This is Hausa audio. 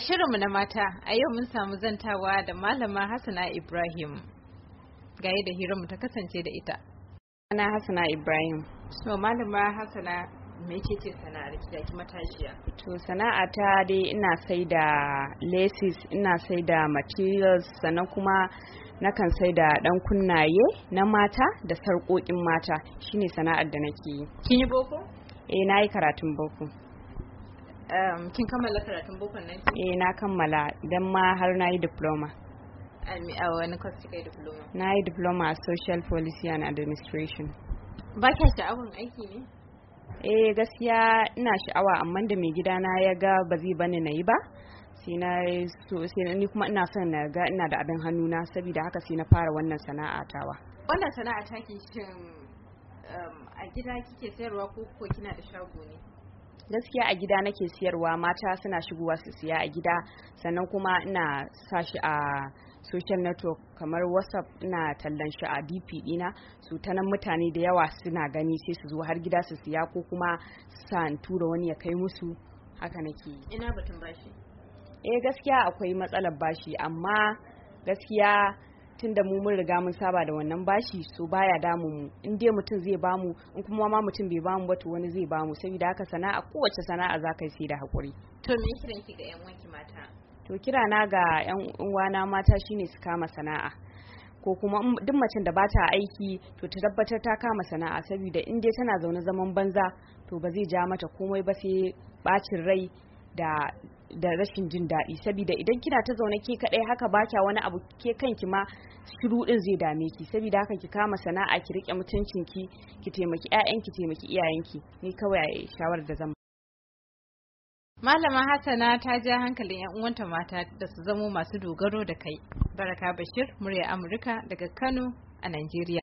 shirinmu na mata a yau mun samu zantawa da malama hassana ibrahim ga da hiranmu ta kasance da ita ana hassana ibrahim so malama hassana mai ce ce sana'ar ki ki matashiya to sana'a ta dai ina sai da laces ina sai da materials sannan kuma nakan sai da dan kunnaye na mata da sarƙoƙin mata shine sana'ar da nake yi kin yi boko eh na yi karatun boko Um, kin kammala karatun boko nan eh na kammala dan ma har na yi diploma a wani kwas kika diploma na yi diploma a social policy and administration ba ka sha'awar aiki ne eh gaskiya ina sha'awa amma da mai gida na ya ga ba zai bani na yi ba sai na so ni kuma ina son na ga ina da abin hannu na saboda haka sai na fara wannan sana'a tawa wannan sana'a ta ke shin um, a gida kike sayarwa ko ko kina da shago ne gaskiya a gida nake siyarwa mata suna shigowa su siya a gida sannan kuma ina sa shi a social network kamar whatsapp ina tallan shi a dp dina su tanan mutane da yawa suna gani sai su zo har gida su siya ko kuma sa tura wani ya kai musu haka nake ina batun bashi eh gaskiya akwai matsalar bashi amma gaskiya da mu mun riga mun saba da wannan bashi so baya damu mu in dai mutum zai bamu in kuma ma mutum bai bamu ba to wani zai bamu saboda haka sana'a kowace sana'a za ka yi sai da hakuri to me kiran ki ga yan wanki mata to kira na ga yan uwana mata shine su kama sana'a ko kuma duk macen da bata aiki to ta tabbatar ta kama sana'a saboda in dai tana zaune zaman banza to ba zai ja mata komai ba sai bacin rai da da rashin jin daɗi saboda idan kina ta zaune ke kaɗai haka ba kya wani abu ke kanki ma shiru din zai dame ki saboda haka ki kama sana'a ki riƙe mutuncin ki ki taimaki ki taimaki iyayenki ni kawai a shawarar da zan Malama Hassana ta ja hankalin 'yan uwanta mata da su zamo masu dogaro da kai. Baraka Bashir, murya Amurka daga Kano a Najeriya.